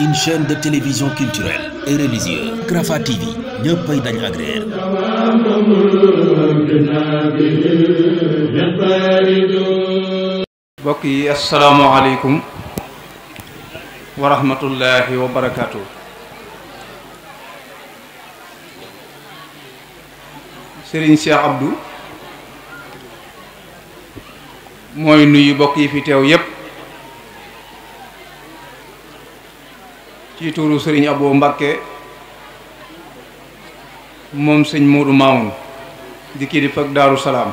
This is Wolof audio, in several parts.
une de télévision culturelle et religieuse Rafah TV ñëppay dañ agréer mbokk yi asalaamaaleykum wa rahmatullahi wa barakaatu. Serigne Cheikh mooy nuyu mbokk yi fi teew yépp ci tuuru sëriñ Abo Mbàkke moom sëñ Moodu Maawun di kii di fag Daaru Salaam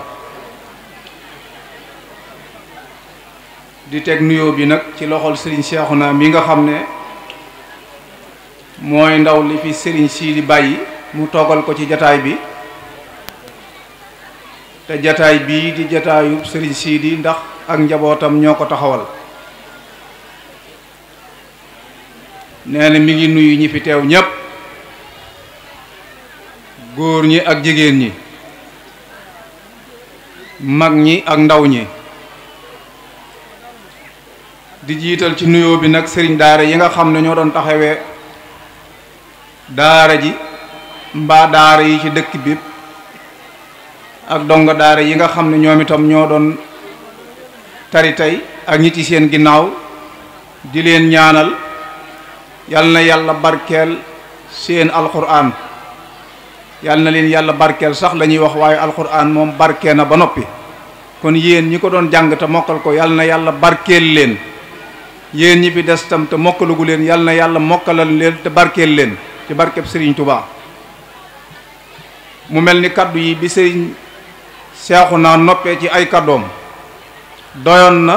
di teg nuyoo bi nag ci loxol sëriñ Seexuna mi nga xam ne mooy ndaw li fi sëriñ sii bàyyi mu toogal ko ci jataay bi te jataay bii di jataayub sëriñ sii di ndax ak njabootam ñoo ko taxawal nee mi ngi nuyu ñi fi teew ñépp góor ñi ak jigéen ñi mag ñi ak ndaw ñi di jiital ci nuyoo bi nag sëriñ daara yi nga xam ne ñoo doon taxawee daara ji mbaa daara yi ci dëkk bi ak dong daara yi nga xam ne ñoom itam ñoo doon tari tey ak ñi ci seen ginnaaw di leen ñaanal yal na yàlla barkeel seen alquran yal na leen yàlla barkeel sax la wax waaye alquran moom barkee na ba noppi kon yéen ñi ko doon jàng te mokkal ko yàlla na yàlla barkeel leen yéen ñi fi des tam te mokkalugu leen yal na yàlla mokkalal leen te barkeel leen ci barkeb Serigne Touba mu mel ni kàddu yi bi Serigne seexu naa noppee ci ay kaddoom doyoon na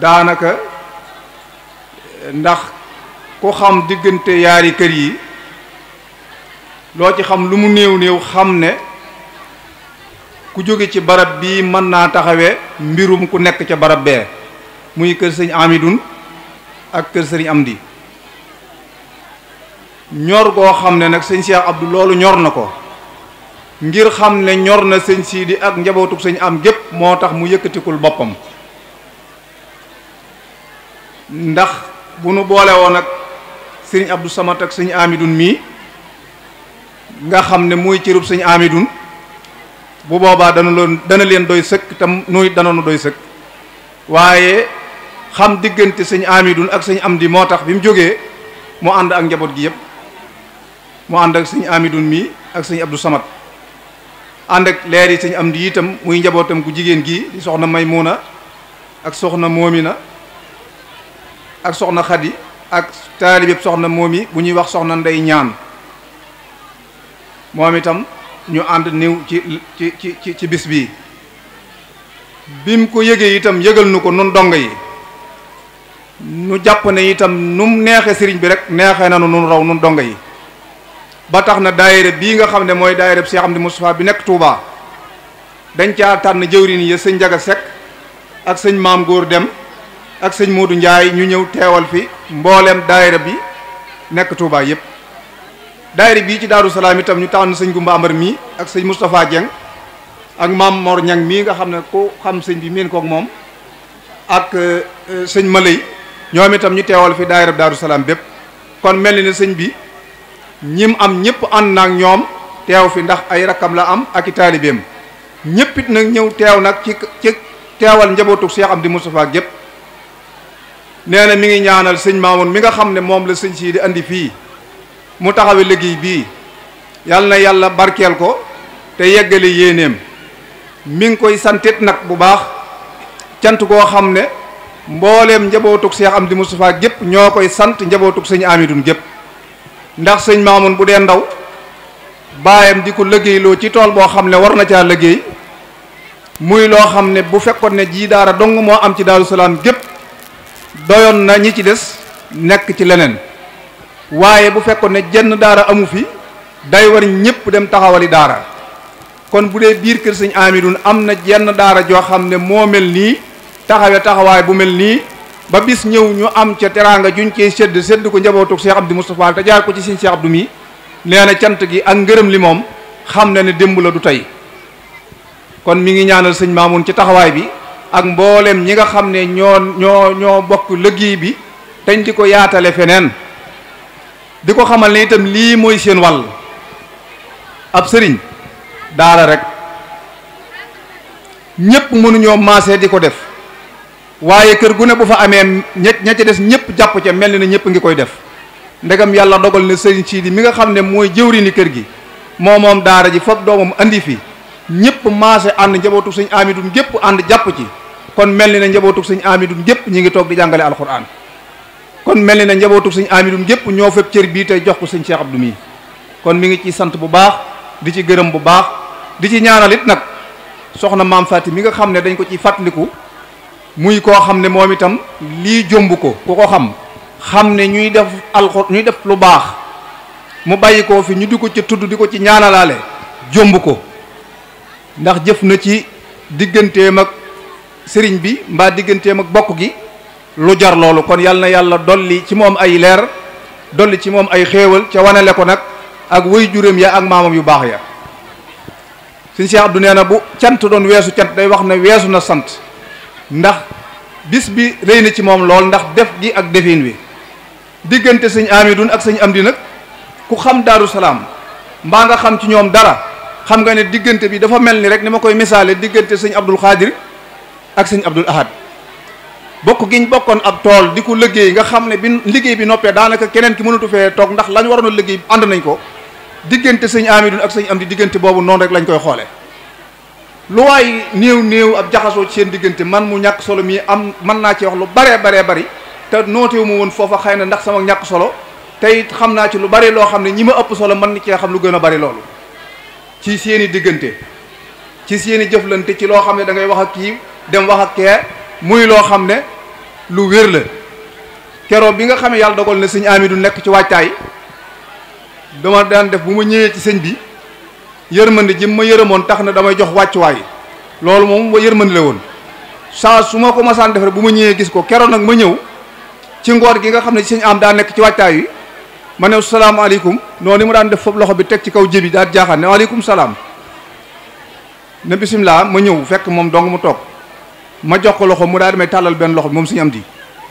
daanaka ndax ku xam diggante yaari kër yi loo ci xam lu mu néew néew xam ne ku jóge ci barab bii mën naa taxawe mbirum ku nekk ca barab bee muy kër sëñ Amidun ak kër sëriñ Amdi ñor goo xam ne nag sëñ Cheikh Abdou loolu ñor na ko ngir xam ne ñor na sëñ Sidi ak njabootu sëñ am gépp moo tax mu yëkkatikul boppam ndax bu nu boole woon ak sëriñ Abdou Samad ak sëñ Amidun mii nga xam ne mooy cërub sëñ Amidun bu boobaa dana loon dana leen doy sëkk tam nuy danoonu doy sëkk waaye xam diggante sëñ Amidun ak sëñ Amdi moo tax bi mu jógee mu ànd ak njaboot gi yëpp mu ànd ak sëñ Amidun mii ak sëñ Abdou Samad ànd ak leer yi sëñ Amdi itam muy njabootam gu jigéen gii di soxna Maymuna ak soxna Moomina ak soxna Xadi ak taalibeb soxna moom yi bu ñuy wax soxna ndey ñaan moom itam ñu ànd niw ci ci ci ci bis bii mu ko yëgee itam yëgal nu ko nun dong yi nu jàpp ne itam num neexe sëriñ bi rek neexee nanu nun raw nun dong yi ba tax na daayira bii nga xam ne mooy daayira Cheikh Amdi Moustapha bi nekk Touba dañ caa tànn jëwriñ ya sëñ Njaga Sekk ak sëñ Maam Góor Dem ak sëñ Modou Ndiaye ñu ñëw teewal fi mbooleem daayira bi nekk Touba yëpp daayira bii ci Daaru Salaam itam ñu tànn sëñ Gumba Amar mii ak sëñ Moustapha Dieng ak maam Mor Ñang mii nga xam ne ku xam sëñ bi miin kook moom ak euh, sëñ Malay ñoom itam ñu teewal fi daayira Daaru Salaam bépp kon mel ni ne sëñ bi ñim am ñëpp ànd na ñoom teew fi ndax ay rakkam la am ak i taalibeem ñëpp it nag ñëw teew nag ci ci teewal njabootu Cheikh Amdi di ak yëpp nee na mi ngi ñaanal sëñ Maamoun mi nga xam ne moom la sëñ sii di andi fii mu taxawe liggéey bii yàlla na yàlla barkeel ko te yeggale yéeneem mi ngi koy santit nag bu baax cant koo xam ne mbooleem njabootug Seex di Moustapha gépp ñoo koy sant njabootug sëñ Amidun gépp ndax sëñ Maamoun bu dee ndaw baayam di ko liggéeyloo ci tool boo xam ne war na caa liggéey muy loo xam ne bu fekkoon ne jii daara dong moo am ci Daaru Salaam gépp doyoon na ñi ci des nekk ci leneen waaye bu fekkoon ne jenn daara amu fi day war ñëpp dem taxawali daara kon bu dee biir kër sëñ Amidun am na jenn daara joo xam ne moo mel nii taxawe taxawaay bu mel nii ba bis ñëw ñu am ca teraanga juñ cee sedd sedd ko njabootug Cheikh Abdou Moustapha te jaar ko ci sëñ Cheikh Abdou mi nee na cant gi ak ngërëm li moom xam na ne démb la du tey kon mu ngi ñaanal sëñ Maamun ci taxawaay bi ak mbooleem ñi nga xam ne ñoo ñoo ñoo bokk liggéey bi teñ di ko yaatale feneen di ko xamal ne itam lii mooy seen wàll ab sëriñ daara rek ñëpp mënuñoo maase di ko def waaye kër gu ne bu fa amee ñett ña ca des ñëpp jàpp ca mel na ne ñëpp ngi koy def ndegam yàlla dogal na sëriñ Sidi mi nga xam ne mooy jëwriñu kër gi moo moom daara ji foog doomam andi fi ñëpp maase ànd njabootu sëñ Amidun gépp ànd jàpp ci kon mel ni ne njabootug sëñ amidun gépp ñu ngi toog di jàngale alxuraan kon mel ni ne njabootug sëñ amidun gépp ñoo fépp cër bii tey jox ko sëñ Cheikh Abdou mii kon mi ngi ci sant bu baax di ci gërëm bu baax di ci ñaanal it nag soxna maam Faati mi nga xam ne dañ ko ci fàttaliku muy koo xam ne moom itam lii jomb ko ku ko xam xam ne ñuy def alxur ñuy def lu baax mu bàyyi koo fi ñu di ko ci tudd di ko ci ñaanalaale jomb ko ndax jëf na ci digganteem ak sëriñ bi mbaa digganteem ak bokk gi lu jar loolu kon yàlla na yàlla dolli ci moom ay leer dolli ci moom ay xéewal ca wanale ko nag ak way juróom ya ak maamam yu baax ya suñ Cheikh Abdou nee na bu cant doon weesu cant day wax ne weesu na sant ndax bis bi rëy na ci moom lool ndax def gi ak defin wi diggante sëñ Amidun ak sëñ di nag ku xam Daaru Salaam mbaa nga xam ci ñoom dara xam nga ne diggante bi dafa mel ni rek ni ma koy misaale diggante sëñ Abdul ak sëñ Abdul Ahad bokk giñ bokkoon ab tool di ko liggéey nga xam ne bi liggéey bi noppee daanaka keneen ki mënatu fee toog ndax lañ waroon a liggéey ànd nañ ko diggante sëñ Amidun ak sëñ Amdi diggante boobu noonu rek lañ koy xoolee. lu waay néew néew ab jaxasoo ci seen diggante man mu ñàkk solo mii am mën naa ci wax lu baree baree bari te nootewu woon foofa xay na ndax sama ñàkk solo tey xam naa ci lu bari loo xam ne ñi ma ëpp solo mën na cee xam lu gën a bari loolu ci seeni diggante ci seeni jëflante ci loo xam ne da ngay wax ak kii dem wax ak kee muy loo xam ne lu wér la keroog bi nga xamee yàlla dogal na sëñ Amidou nekk ci waajtaay dama daan def bu ma ñëwee ci sëñ bi yërmande ji ma yërëmoon tax na damay jox wàccuwaay loolu moom yërmande la woon saa su ma ko masaan def rek bu ma ñëwee gis ko keroon nag ma ñëw ci ngoor gi nga xam ne sëñ am daa nekk ci waajtaay yi ma ne salaamaaleykum noonu ma daan def foofu loxo bi teg ci kaw jébi daal jaaxaan ne waaleykum salaam ne bisimilah ma ñëw fekk moom dong mu toog. ma jox ko loxo mu daal di tàllal benn loxo moom suñu am di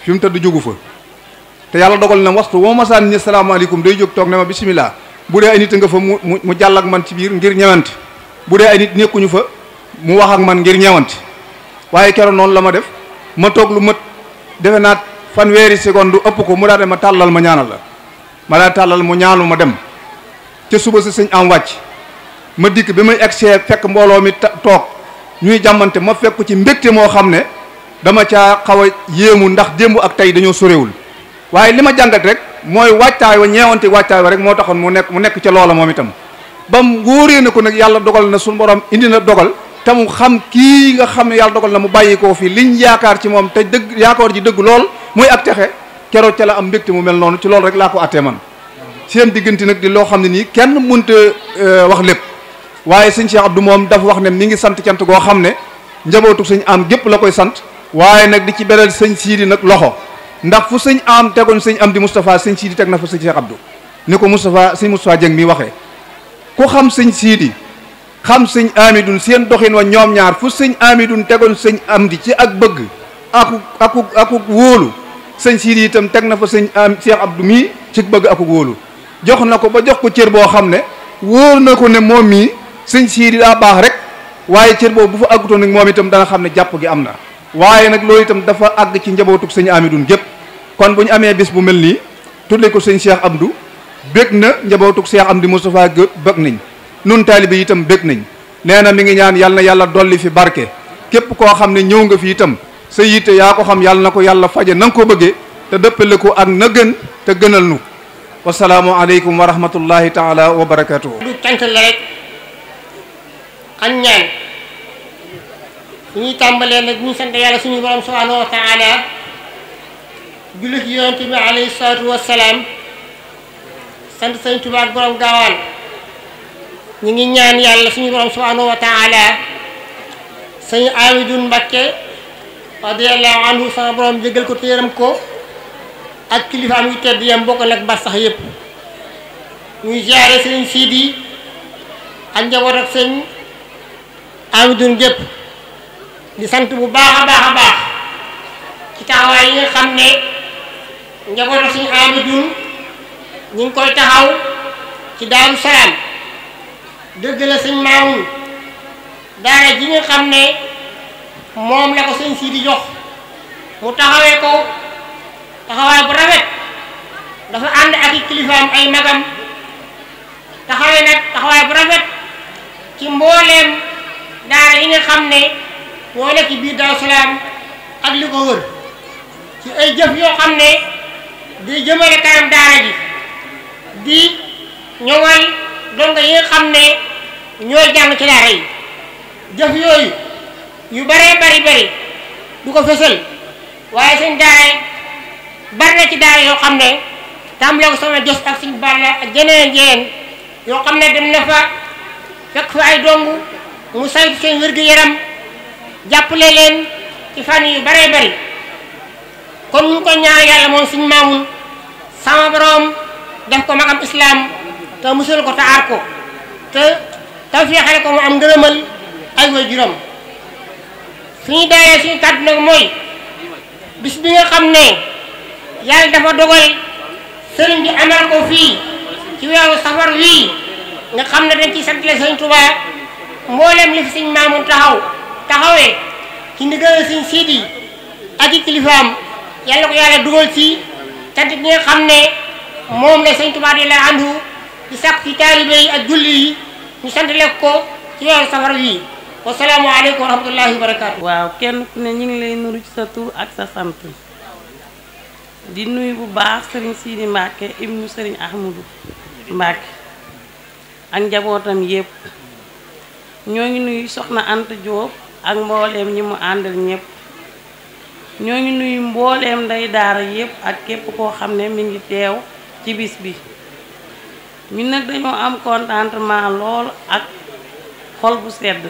fi mu tëdd jógu fa te yàlla dogal na waxtu woo ma saan ni salaamaaleykum day jóg toog ne ma bisimilah bu dee ay nit nga fa mu mu jàll ak man ci biir ngir ñewante bu dee ay nit nekkuñu fa mu wax ak man ngir ñewante waaye keroog noonu la ma def ma toog lu mët defe naat fanweeri seconde ëpp ko mu daal ma tàllal ma ñaanal la ma daal tàllal mu ñaanu ma dem ca suba sa sëñ am wàcc ma dikk bi may egg fekk mbooloo mi toog ñuy jàmmante ma fekk ci mbégte moo xam ne dama caa xaw a yéemu ndax démb ak tey dañoo sorewul waaye li ma jàngat rek mooy waajtaay wa ñeewante waajtaay wa rek moo taxoon mu nekk mu nekk ca loola moom itam ba mu wóoree na ko nag yàlla dogal na suñu borom indi na dogal te mu xam kii nga xam ne yàlla dogal na mu bàyyi koo fii liñ yaakaar ci moom te dëgg yaakaar ji dëgg lool muy ak texe keroog ca la am mbégte mu mel noonu ci loolu rek laa ko attee man seen diggante nag di loo xam ne nii kenn mënta euh, wax lépp waaye sëñ Cheikh Abdou moom dafa wax ne mi ngi sant cant goo xam ne njabootu sëñ am gépp la koy sant waaye nag di ci beral sëñ Sidi nag loxo ndax fu sëñ am tegoon sëñ am di Moustapha sëñ Sidi teg na fa sëñ Cheikh Abdou ni ko Moustapha sëñ Moustapha Dieng mi waxee ku xam sëñ Sidi xam sëñ Amidun seen doxin wa ñoom ñaar fu sëñ Amidun tegoon sëñ am di ci ak bëgg aku aku aku wóolu sëñ Sidi itam teg na fa sëñ am Cheikh Abdou mii ci bëgg aku wóolu jox na ko ba jox ko cër boo xam ne wóor na ko ne moom mii sëñ siidi daa baax rek waaye cër boobu bu fa àggutoon nag moom itam dana xam ne jàpp gi am na waaye nag loolu tam dafa àgg ci njabootug sëñ du gépp kon bu ñu amee bis bu mel nii tuddee ko sëñ am du bég na njabootug di Amdi Moustapha bëgg nañ nun taalibe yi tam bég nañ nee na mi ngi ñaan yal na yàlla dolli fi barke képp koo xam ne ñëw nga fi itam sa yitte yaa ko xam yàlla na ko yàlla faje na nga ko bëggee te dëppale ko ak na gën te gënal nu wasalaamu aleykum wa rahmatullahi taala wa barakatuhu du ak ñaan suñuy tàmbalee nag ñu sant yàlla suñu borom subhanahu wa taala jullit yonente bi alayhi salaatu wassalaam sant sëñ borom gaawaan ñu ngi ñaan yàlla suñu borom subhanahu wa taala sëñ Amidun Mbakke radiyallahu anhu sama borom jéggal ko téeram ko ak kilifaam yu tedd yam bokkal ak barsax yépp ñuy jaare sëñ Sidi ak njaboot ak sëñ amidun gépp di sant bu baax a baax a baax ci taxawaay yi nga xam ne njabootu suñu amidun ñu ngi koy taxaw ci daaru salaam dëgg la sëñ maamun daara ji nga xam ne moom la ko sëñ sii di jox mu taxawee ko taxawaay bu rafet dafa ànd ak i kilifaam ay magam taxawee nag taxawaay bu rafet ci mbooleem daara yi nga xam ne woo nekk biir Daaru Salaam ak li ko wër ci ay jëf yoo xam ne di jëmale kanam daara ji di ñoŋal donga yi nga xam ne ñooy jàng ci daara yi jëf yooyu yu bare bari bari du ko fësal waaye seen daara bari na ci daara yoo xam ne tàmbale ko sama jos ak suñu balla ak jeneen jeneen yoo xam ne dem fa fekk fa ay dong mu saytu seen wér-gu-yaram jàppale leen ci fan yu baree bari kon ñu ko ñaan yàlla moom suñu maamun sama borom def ko magam islaam te musul ko te aar ko te tawfeexale ko mu am ngërëmal ay way juróom suñu daayee suñu kàddu mooy bis bi nga xam ne yàlla dafa dogal sëriñ bi amal ko fii ci weeru safar wii nga xam ne dañ ci santle sëriñ Tuubaa mboolem li fi sëñ Maamun taxaw taxawee ci ndigal sëñ Siidi ak i kilifaam yàlla ko yàlla dugal ci cant gi nga xam ne moom la sëñ Tuubaa di la andu di sàkk ci taalibe ak julli yi ñu sant leen ko ci weeru safar yi wasalaamaaleykum wa rahmatullahi waaw kenn ku ne ñu lay nuru ci sa tur ak sa sant di nuyu bu baax sëriñ Siidi Mbàkke ibnu sëriñ Ahmadu Mbàkke ak njabootam yépp ñoo ngi nuyu soxna Anta Diop ak mbooleem ñi mu àndal ñëpp ñoo ngi nuyu mbooleem ndey daara yëpp ak képp koo xam ne mi ngi teew ci bis bi ñu nag dañoo am contentement lool ak xol bu sedd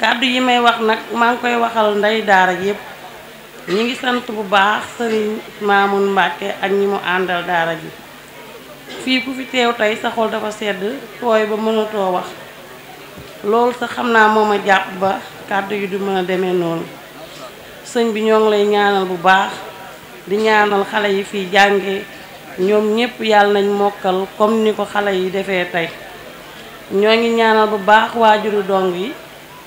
kàddu yi may wax nag maa ngi koy waxal ndey daara yëpp ñi ngi sant bu baax sëriñ Mamoun Mbacke ak ñi mu àndal daara ji fii ku fi teew tey sa xol dafa sedd tooy ba mënatoo wax loolu sa xam naa moom a jàpp ba kàddu yu du mën a demee noonu sëñ bi ñoo ngi lay ñaanal bu baax di ñaanal xale yi fiy jànge ñoom ñépp yàlla nañ mokkal kom ni ko xale yi defee tey ñoo ngi ñaanal bu baax waajuru dong yi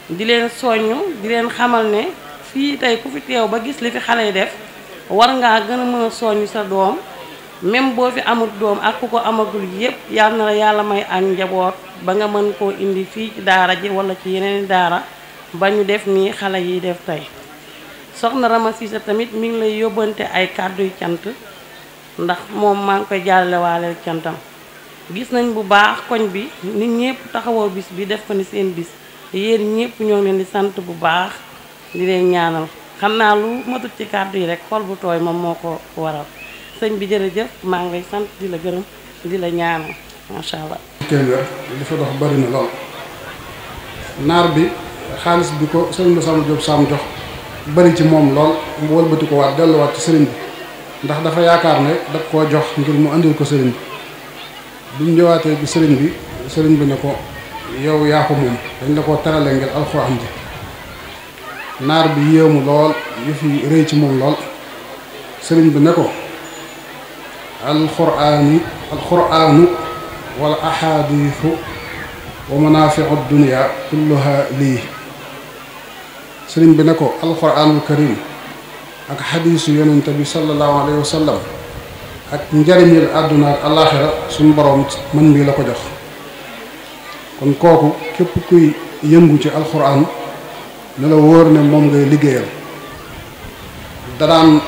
di leen soññ di leen xamal ne fii tey ku fi teew ba gis li fi xale yi def war ngaa gën a mën a soññ sa doom même boo fi amul doom ak ku ko amagul yépp yal na la yàlla may am njaboot ba nga mën koo indi fii ci daara ji wala ci yeneen daara ba ñu def nii xale yi def tey soxna Rama Cissé tamit mi ngi lay yóbbante ay kàdduy cant ndax moom maa ngi koy jàllewaaleel cantam gis nañ bu baax koñ bi nit ñépp taxawoo bis bi def ko ni seen bis yéen ñépp ñoo ngi leen di sant bu baax di leen ñaanal xam naa lu matut ci kàddu yi rek xol bu tooy moom moo ko waral sëñ bi jërëjëf maa ngi sant di la gërëm di la ñaanal macha allah. téeméer li fa dox bari na lool naar bi xaalis bi ko sëñ Masamba Diop Sam jox bari ci moom lool mu wëlbati ko waat delluwaat ci sëriñ bi ndax dafa yaakaar ne daf koo jox ngir mu andil ko sëriñ bi bi mu ñëwaatee bi sëriñ bi sëriñ bi ne ko yow yaa ko moom dañ la koo terale ngir alxuraan ji naar bi yéemu lool yu fi rëy ci moom lool sëriñ bi ne ko. alqur'aani alqur'aanu wal axaadiisu wa manaafiu dunya kulluha lii sëriñ bi ne ko alqur'aanul karim ak xadiisu yonente bi sallallahu alayhi wa sallam ak njariñil àdduna ak alaaxira suñu boroom mën mii la ko jox kon kooku képp kuy yëngu ci alqur'aan ne la ne moom ngay liggéeyal daraan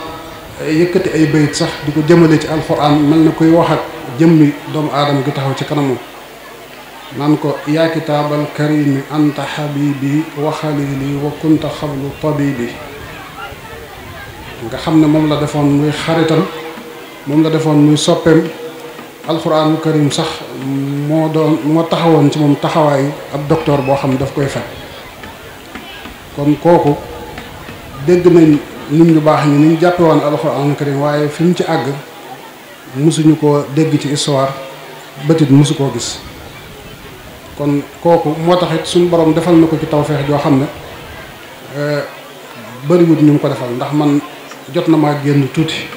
yëkkati ay bayit sax di ko jëmale ci alxuraan mel na koy wax ak jëmmi doomu aadama gi taxaw ci kanamu naan ko yaa kitaabal karimi anta xabibi wa xalili wa kunta xablu tabibi nga xam ne moom la defoon muy xarital moom la defoon muy soppeem alxuraanu karim sax moo doon moo taxawoon ci moom taxawaay ab docteur boo xam ne daf koy fekk kon kooku dégg nañ nit ñu baax ñi ni ñu jàppe woon alxuraan karim waaye fi mu ci àgg mosuñu koo dégg ci histoire bëtit mosu koo gis kon kooku moo tax it suñu borom defal na ko ci tawfeex joo xam ne eh, bëriwut ñu mu ko defal ndax man jot na maa génn tuuti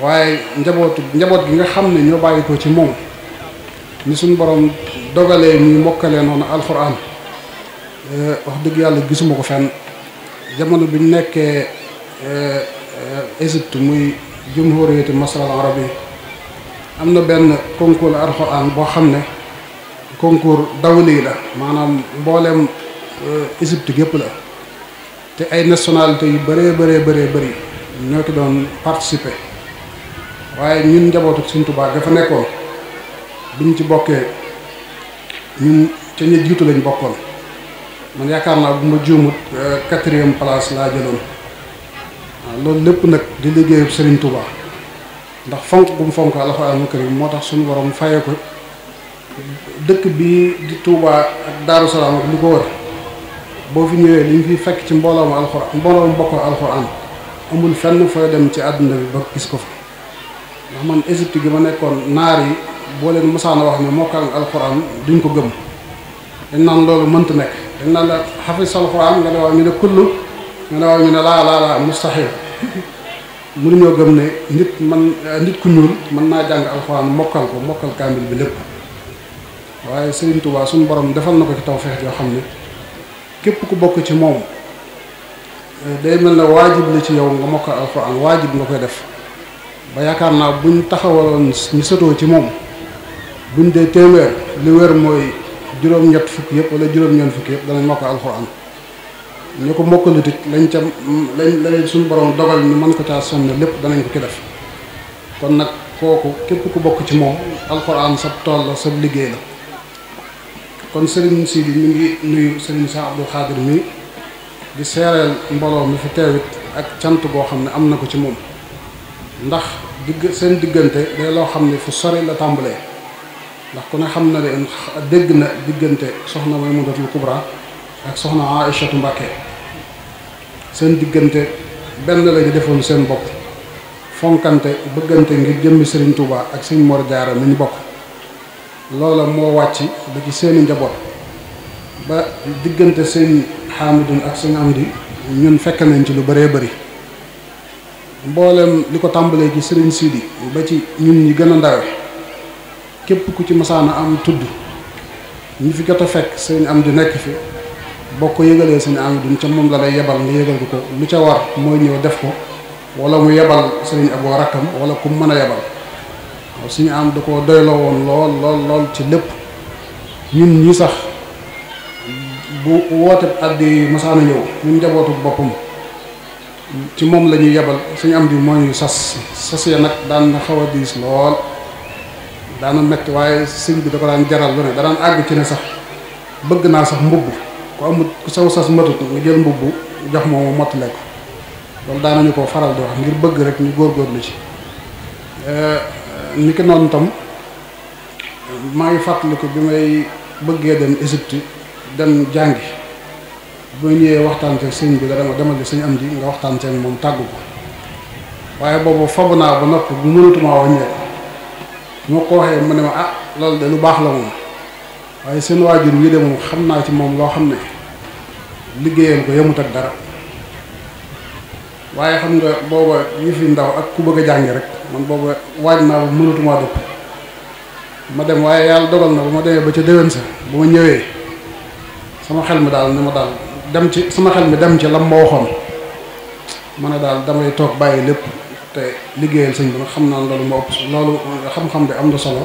waaye njabootu njaboot gi nga xam ne ñoo bàyyi ko ci moom ni suñu borom dogalee ñuy mokkalee noonu alxuraan eh, wax dëgg yàlla gisuma ko fenn jamono bi ñu nekkee euh, euh, Égypte muy jumhuriyatu masal arab yi am na benn concours alxuraan boo xam ne concours dawli la maanaam mbooleem euh, Égypte gépp la te ay nationalité yu bëree bëree bëree bëri ñoo ki doon participer waaye ñun njabootu Sëriñ Tuubaa dafa nekkoon biñ ci bokkee ñun ci ñu jiitu lañ bokkoon man yaakaar naa bu ma juumut euh, quatrième place laa jëloon waaw loolu lépp nag di liggéeyu Serigne Touba ndax fonk bu mu fonk alxuraanul moo tax suñu borom fayee ko dëkk bi di Touba ak Daaru Salaam ak li ko wër boo fi ñëwee li ñu fi fekk ci mbooloo mu alxuraan mbooloo mu bokkoo alxuraan amul fenn fooy dem ci àdduna bi ba gis ko fa ndax man Égypte gi ma nekkoon naar yi boo leen mosaan wax ne mokkal alxuraan duñ ko gëm dañ naan loolu mënta nekk. dañ naan la xafis alxuraan nga ne waaw ñu ne kullu nga ne waaw ñu ne laa laa laa mustahil mënuñoo gëm ne nit man euh, nit ku ñuul mën naa jàng alxuraan mokkal ko mokkal kaamil bi lépp waaye Serigne Touba suñu borom defal na ko ci tawfeex yoo xam ne képp ku bokk ci moom euh, day mel ne waajib la ci yow nga mokkal alxuraan waajib nga koy def ba yaakaar naa buñ taxawaloon ñu sëtoo ci moom buñ dee téeméer li wér mooy juróom-ñett fukk yëpp wala juróom-ñeent fukk yëpp danañ mokkal alxuraan ñu ko mokkalut it lañ ca lañ lañ suñ borom dogal ñu mën ko caa sonn lépp danañ ko ci def kon nag kooku képp ku bokk ci moom alxuraan sab tool la sab liggéey la kon Serigne Sidi ñu ngi nuyu Serigne Cheikh Abdou Khadir mi di seereel mbooloo mi fi teewit ak cant goo xam ne am na ko ci moom ndax digg seen diggante day loo xam ne fu sori la tàmbalee. ndax ku ne xam na leen dégg na diggante soxna Maymunatul Kubra ak soxna Aïchatu Mbàkke seen diggante benn la defoon seen bopp fonkante bëggante ngir jëmmi Sëriñ tuubaa ak Sëriñ Mor Jaara mi bokk loola moo wàcc ba ci seeni njaboot ba diggante seen xaamidun ak seen am ñun fekk nañ ci lu baree bari mboolem li ko tàmbalee ci sëriñ Sidi ba ci ñun ñi gën a ndawe képp ku ci masaana am tudd ñi fi jot a fekk sëñ am di nekk fi boo ko yëgalee sëñ am du ca moom la lay yebal nga yëgal ko lu ca mooy ñëw def ko wala mu yebal sëñ wala ku mën a yebal waaw am da ko doyloo woon lool lool ci lépp ñun ñi sax bu woote addi masaana ñëw ñun njabootu boppam ci moom la yebal suñu am di moo ñuy sas sas nag daan na xaw a diis lool daana metti waaye sëñ bi da ko daan jaral lu ne da àgg ci ne sax bëgg naa sax mbubb ku amut ku saw sas matut nga jël mbubb jox moom mottale ko loolu daanañu ko faral di wax ngir bëgg rek ñu góorgóorlu ci ni ki noonu tam maa ngi fàttaliku bi may bëggee dem Égypte dem jàngi bu ñëwee waxtaan ceeg sëñ bi da dama demal bi waxtaan ceeg moom tàggu ko waaye boobu foog naa ba noppi bu mënatuma wàññeeku moo ko waxee mu ne ma ah loolu de lu baax la moom waaye seen waajur wi de moom xam naa ci moom loo xam ne liggéeyam ko yemut ak dara waaye xam nga booba yi fi ndaw ak ku bëgg a jàngi rek man booba waaj naa ba mënatumaa dëpp ma dem waaye yàlla dogal na ba ma demee ba ca déwén sa ba ma ñëwee sama xel mi daal ni ma daal dem ci sama xel mi dem ci lam ma waxoon ma ne daal damay toog bàyyi lépp te liggéeyal sëñ bi nag xam naa loolu moo ëpp loolu xam-xam bi am na solo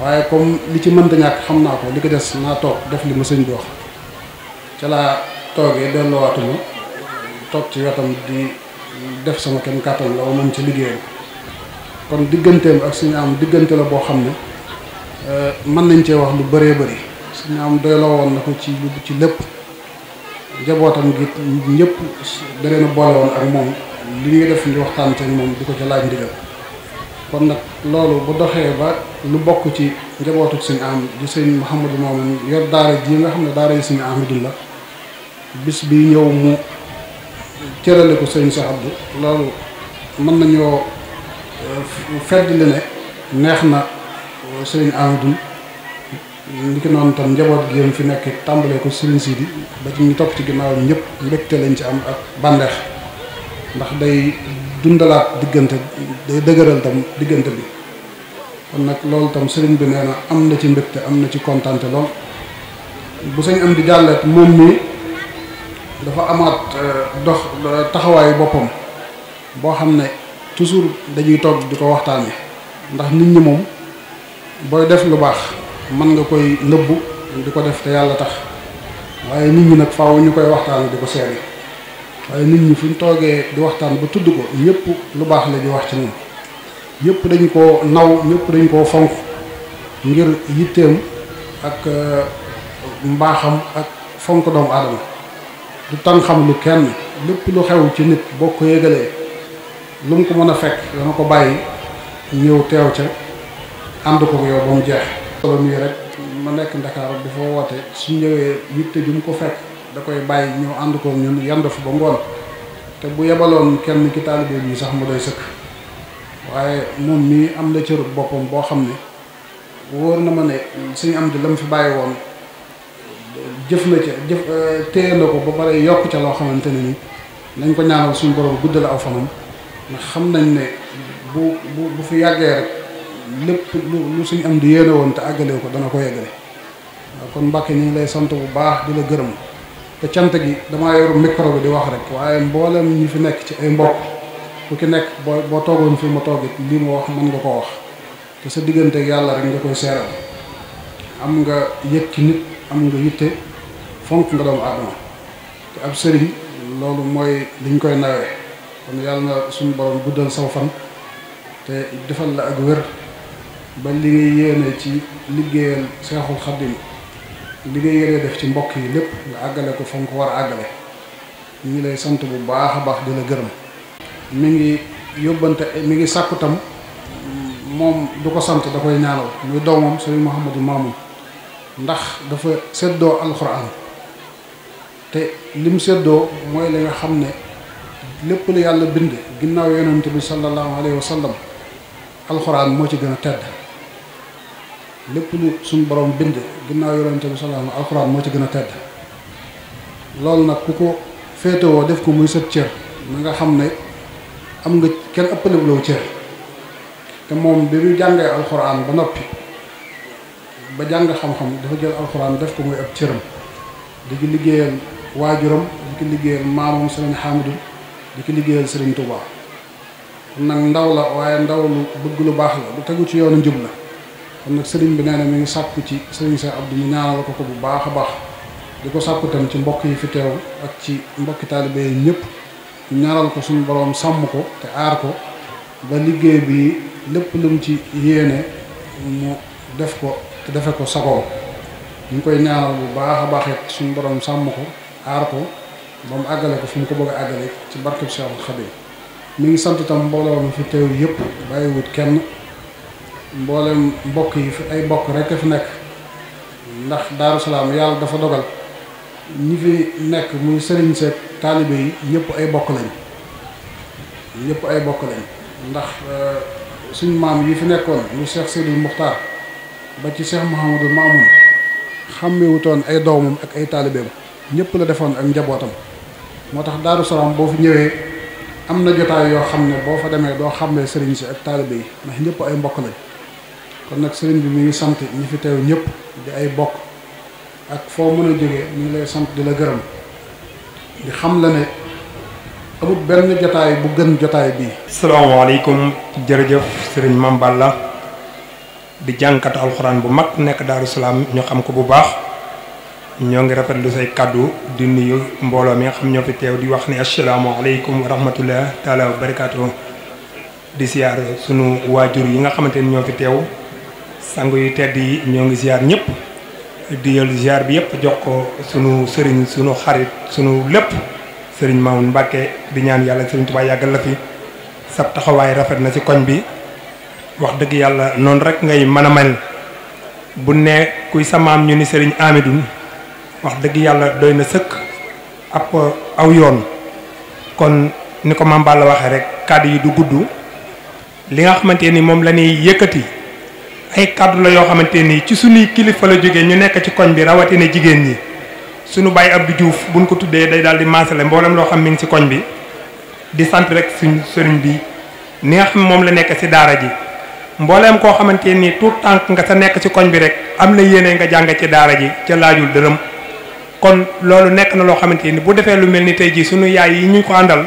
waaye comme li ci mën ñàkk xam naa ko li ko des naa toog def li ma sëñ bi wax ca laa toogee delluwaatuma toog ci wetam di def sama kenn kàttan la moom ci liggéeyam kon digganteem ak suñu am diggante la boo xam ne euh, mën nañ cee wax lu bëree bëri suñu am doyloo woon na ko ci ci lépp njabootam gi ñëpp da leen boole woon ak moom li nga def ngi waxtaan ak moom di ko ca laaj ndigal kon nag loolu bu doxee ba lu bokk ci njabootu suñu am di sëñ Mouhamadou Mamoun yor daara ji nga xam ne daara yi suñu Ahmadou la bis bi ñëw mu cërale ko seen Cheikh Abdou loolu mën nañoo euh, fedd li ne neex na sëñ Ahmadou li ko noonu tam njaboot gi fi nekk tàmbalee ko sëriñ Sidi ba ci ñu topp ci ginnaaw ñëpp mbégte lañ ci am ak bàndeex ndax day dundalaat diggante day dëgëral tam diggante bi kon nag loolu tam sëriñ bi nee na am na ci mbégte am na ci kontante lool bu sañ am di jàllet moom mi dafa amaat eh, dox taxawaayu boppam boo xam ne toujours dañuy toog di ko waxtaane ndax nit ñi moom booy def lu baax mën nga koy nëbbu di ko def te yàlla tax waaye nit ñi nag faw ñu koy waxtaane di ko seere waaye nit ñi fi ñu toogee di waxtaan ba tudd ko ñëpp lu baax la ñu wax ci moom ñëpp dañ koo naw ñépp dañ koo fonk ngir yitteem ak euh, mbaaxam ak fonk doom aadama du tan xam lu kenn lépp lu xew ci nit boo ko yëgalee lu mu ko mën a fekk dana ko bàyyi ñëw teew ca ànd ko yow ba mu jeex solo nekk Ndakaaru woote su ñëwee mu ko fekk da koy bàyyi ñëw ànd koog ñun yandu fa ba ngoon te bu yebaloon kenn ki taalibe bi sax mu doy sëkk waaye moom nii am na cër boppam boo xam ne wóor na ma ne suñu am di la mu fi bàyyi woon jëf na ca jëf euh, téye na ko ba pare yokk ca loo xamante ne ni nañ ko ñaanal suñu borom guddal aw fanam ndax xam nañ ne bu bu bu fi yàggee rek lépp lu lu suñu am di yéene woon te àggalew ko dana ko yeggale kon Mbàkke ñu lay sant bu baax di la gërëm. te cant gi damaa yor micro di wax rek waaye mboolem ñu fi nekk ci ay mbokk fu ki nekk boo boo toogoon fi ma toog it lii ma wax mën nga koo wax te sa diggante ak yàlla rek nga koy seeral am nga yëg ki nit am nga yitte fonk nga doomu aadama te ab sëriñ loolu mooy liñ koy nawee kon yàlla suñu borom guddal saw fan te defal la ak wér ba li ngay yéene ci liggéeyal seexul xaddim li nga dee def ci mbokk yi lépp nga àggale ko fa nga ko war a àggale ñu ngi lay sant bu baax a baax di la gërëm mi ngi yóbbante mi ngi sàkku moom du ko sant da koy ñaanal muy doomam sëriñ Mouhamadou Mamoun ndax dafa seddoo alxuraan te lim seddoo mooy li nga xam ne lépp lu yàlla bind ginnaaw yonent bi sallallahu alayhi wa sallam alxuraan moo ci gën a tedd lépp lu suñu borom bind ginnaaw yonente bi salaam alxuraan moo ci gën a tedd loolu nag ku ko féetewoo def ko muy sëb cër na nga xam ne am nga kenn ëppalewuloo cër te moom bi mu jàngee alxuraan ba noppi ba jàng xam-xam dafa jël alxuraan def ko muy ab cëram di ki liggéeyal waajuram di ki liggéeyal maamam sëriñ Hamidou di ki liggéeyal sëriñ Touba nag ndaw la waaye ndaw lu bëgg lu baax la lu tegu ci yoonu njub la kon nag sëriñ bi naa ne mi ngi sàkku ci sëriñ Cheikh Abdou mu ñaanal ko ko bu baax a baax di ko sàkku tam ci mbokk yi fi teew ak ci mbokki taalibe yi ñëpp ñu ñaanal ko suñu boroom sàmm ko te aar ko ba liggéey bi lépp lu mu ci yéene def ko te defe ko sagoo ñu koy ñaanal bu baax a baax it suñu sàmm ko aar ko ba mu àggale ko fu mu ko bëgg àggale ci barkeb Cheikhul Khadim mi ngi sant tam mbooloo mu fi teew yëpp bàyyiwut kenn mboolem mbokk yi fi ay mbokk rek a fi nekk ndax Daaru Salaam yàlla dafa dogal ñi fi nekk muy sëriñ seeg taalibe yi ñëpp ay bokk lañ ñëpp ay bokk lañ ndax euh, suñ maam yi fi nekkoon mu Cheikh Seydil Muxtaar ba ci Cheikh Mouhamadou Mamoun xàmmewutoon ay doomam ak ay taalibeem ñëpp la defoon ak njabootam moo tax Daaru Salaam boo fi ñëwee am na jotaay yoo xam ne boo fa demee doo xàmmee sëriñ si ak taalibe yi ndax ñëpp ay mbokk lañ kon nag sëriñ bi mi ngi sant ñi fi teew ñëpp di ay bokk ak foo mën a jógee mi lay sant di la gërëm di xam la ne amut benn jotaay bu gën jotaay bii salaamaaleykum jërëjëf sëriñ Mame la di jànkatu alxuraan bu mag nekk Daaru Salaam ñu xam ko bu baax ñoo ngi rafetlu say kàddu di nuyu mbooloo mi nga xam ñoo fi teew di wax ne asalaamaaleykum wa rahmatullah taala wa barakaatu di siyaar sunu waajur yi nga xamante ni ñoo fi teew sangu yu tedd yi ñoo ngi ziar ñëpp di yël bi yëpp jox ko sunu sëriñ sunu xarit sunu lépp sëriñ Mamoune Mbacke di ñaan yàlla sëriñ Tuubaa yàggal la fi sab taxawaay rafet na ci koñ bi wax dëgg yàlla noonu rek ngay mën a mel bu ne kuy sa maam ñu ni sëriñ Amidoune wax dëgg yàlla doy na sëkk ab aw yoon kon ni ko Mame Balla waxee rek kàddu yi du gudd li nga xamante ni moom la ñuy yëkkati ay kàddu la yoo xamante nii ci suñuy kilifa la jógee ñu nekk ci koñ bi rawatine jigéen ñi suñu bàyyi Abdou Diouf buñ ko tuddee day daal di maasale mboolem loo xam mi ngi ci koñ bi di sant rek suñ sëriñ bi ni nga xam moom la nekk ci daara ji mbooleem koo xamante nii tout tànk nga sa nekk ci koñ bi rek am na yéene nga jàng ci daara ji ca laajul dërëm kon loolu nekk na loo xamante ni bu defee lu mel ni tey jii suñu yaay yi ñu ko àndal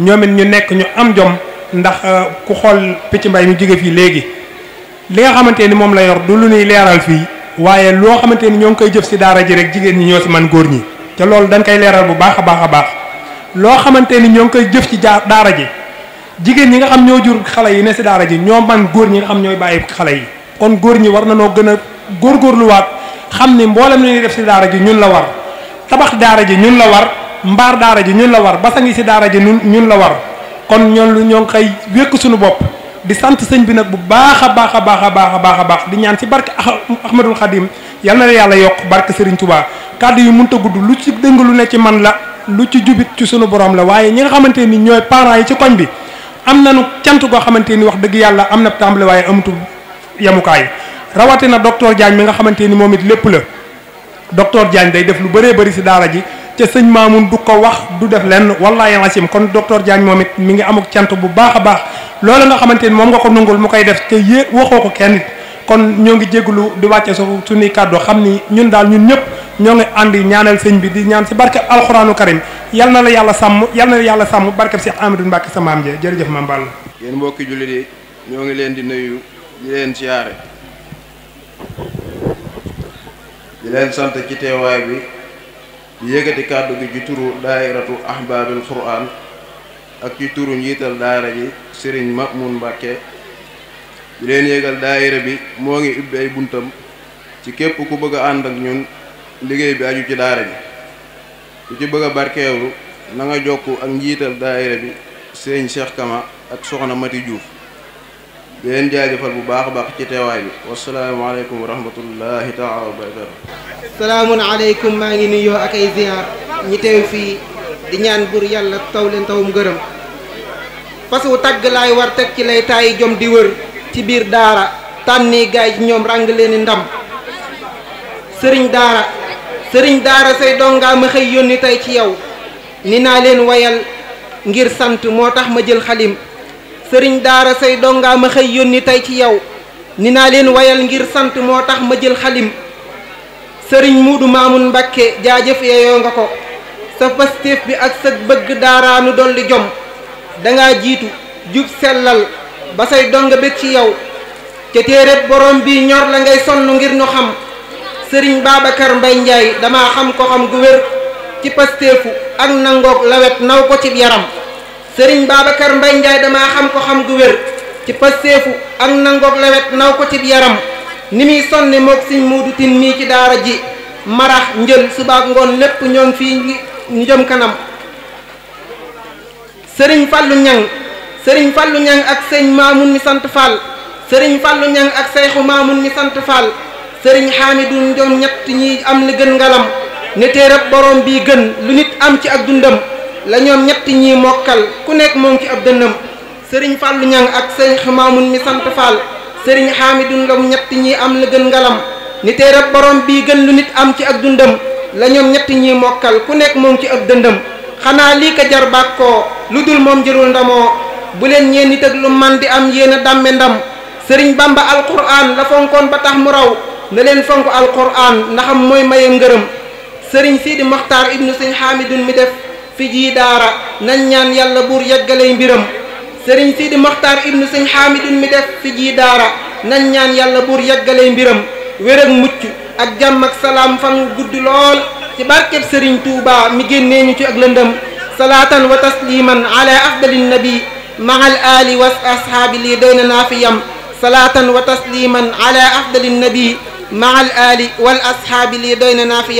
ñoom ñu nekk ñu am jom ndax euh, ku xool picc mbay mi jóge fii léegi li nga xamante ni moom la yor du lu nuy leeral fii waaye loo xamante ni ñoo ngi koy jëf si daara ji rek jigéen ñi ñoo si man góor ñi te loolu dañ koy leeral bu baax a baax a baax loo xamante ni ñoo ngi koy jëf ci ja daara ji jigéen ñi nga xam ñoo jur xale yi ne si daara ji ñoo man góor ñi nga xam ñooy bàyyi xale yi kon góor ñi war na noo gën a góorgóorluwaat xam ni mboolem li ñuy def si daara ji ñun la war tabax daara ji ñun la war mbaar daara ji ñun la war basa ngi si daara ji ñun ñun la war kon ñoon ñoo ngi wékk suñu bopp di sant sëñ bi nag bu baax a baax a baax a baax a baax a baax di ñaan ci barke Ahmadul Xadim yal na la yàlla yokk barke Serigne Touba kàddu yi munta gudd lu ci dëng lu ne ci man la lu ci jubit ci sunu borom la waaye ñi nga xamante ni ñooy parents yi ci koñ bi am na nañu cant goo xamante ni wax dëgg yàlla am na tàmbali waaye amatu yemukaay rawatina docteur Diagne mi nga xamante ni moom it lépp la docteur Diagne day def lu bëree bari si daara ji te sëñ Maamun du ko wax du def lenn wallaahi lacim kon docteur Diagne moom mi ngi amuk cant bu baax a baax loolu nga xamante ni moom nga ko nungul mu koy def te yé waxoo ko kenn kon ñoo ngi jégalu di wàcce su suñuy kàddu xam ni ñun daal ñun ñëpp ñoo ngi ànd ñaanal sëñ bi di ñaan si barkeb alxuraanu karim yal na la yàlla sàmm yal na la yàlla sàmm barkeb Cheikh Amadou Mbacke sa maam je jërëjëf maam Balla yéen mbokki jullit yi ñoo ngi leen di nuyu di leen siyaare di leen sant ci teewaay bi di yëkkati kàddu gi ci turu daayiratu ahbaabil quraan ak ci turu njiital Serigne Mamoun Mbacke di leen yéegal daayira bi moo ngi ubbi ay buntam ci képp ku bëgg a ànd ak ñun liggéey bi aju ci daara bi ku ci bëgg a barkeelu na jokk ak njiital daayira bi Serigne Cheikh ak soxna Mati Diouf di leen jaajëfal bu baax a baax ci teewaay bi wasalaamaaleykum wa rahmatullahi taala wa barakatu maa ngi nuyoo ak ay ziar ñi teew fii di ñaan bur yàlla taw leen tawum gërëm fasu tàgg lay war teg ci lay taayi jom di wër ci biir daara tànni gaay ci ñoom ràng leen ndam sëriñ daara sëriñ daara say dongaa xëy yónni tey ci yow ni naa leen woyal ngir sant moo tax ma jël xalim sëriñ daara say dongaa ma xëy yónni tey ci yow ni naa leen woyal ngir sant moo tax ma jël xalim sëriñ muudu maamun mbakke jaajëf yeyoo nga ko sa pastéef bi ak sa bëgg daaraanu dolli jom dangaa jiitu jub sellal ba say donga bég ci yow ca téereb borom bii ñor la ngay sonn ngir ñu xam sëriñ Babacar Mbay Njaay dama xam ko xam gu wér ci pasteefu ak nangoog lawet naw ko ci yaram sëriñ Babacar Mbay dama xam ko xam gu wér ci pasteefu ak nangoog lawet naw ko ci yaram ni muy sonne moog siñ muudu tin mii ci daara ji marax njël subaak ngoon lépp ñoom fii njëm kanam sëriñ Fallou Niang sëriñ Fallou Niang ak sëñ Mamoun mi sant Fall sëriñ Fallou Niang ak seyxu Mamoun mi sant Fall sëriñ Hamidou ñoom ñett ñi am li gën ngalam ne téerab borom bii gën lu nit am ci ak dundam la ñoom ñett ñi mokkal ku nekk moom ci ab dënnam sëriñ Fallou Niang ak seyxu Mamoun mi sant Fall sëriñ Hamidou ñoom ñett ñi am li gën ngalam ni téerab borom bii gën lu nit am ci ak dundam la ñoom ñett ñi mokkal ku nekk moom ci ab dëndam xanaa lii ko jar bàkkoo lu dul moom jërul ndamoo bu leen ñeen nit ak lu man di am yéen a dàmme ndam sëriñ bamba alquran la fonkoon ba tax mu raw na leen fonk alquran ndaxam mooy maye ngërëm sëriñ siidi moxtaar ibnu sëñ xaamidun mi def fi jii daara nañ ñaan yàlla buur yeggalay mbiram sëriñ siidi moxtaar ibnu sëñ xaamidun mi def fi jii daara nañ ñaan yàlla buur yeggalay mbiram wér ak mucc ak jàmm ak salaam fan gudd lool ci barkeb sëriñ Touba mi génnee ñu ci ak lëndëm salaatan wa tasliman ala afdalin nabi mahal ali wa ashaabi lii day na naafiyam salaatan wa tasliman ala afdalin nabi mahal ali wal ashaabi lii day na naafiyam